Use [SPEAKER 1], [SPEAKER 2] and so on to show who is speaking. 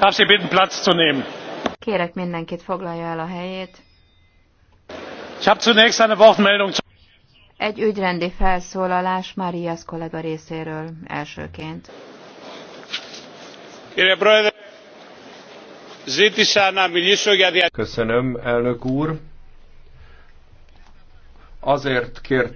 [SPEAKER 1] Darf Sie bitten, Platz zu nehmen.
[SPEAKER 2] Kérek mindenkit foglalja el a helyét.
[SPEAKER 1] Ich habe zunächst eine Wortmeldung zu
[SPEAKER 2] egy ügyrendi felszólalás Marias kollega részéről elsőként.
[SPEAKER 3] Köszönöm,
[SPEAKER 4] elnök úr. Azért kértem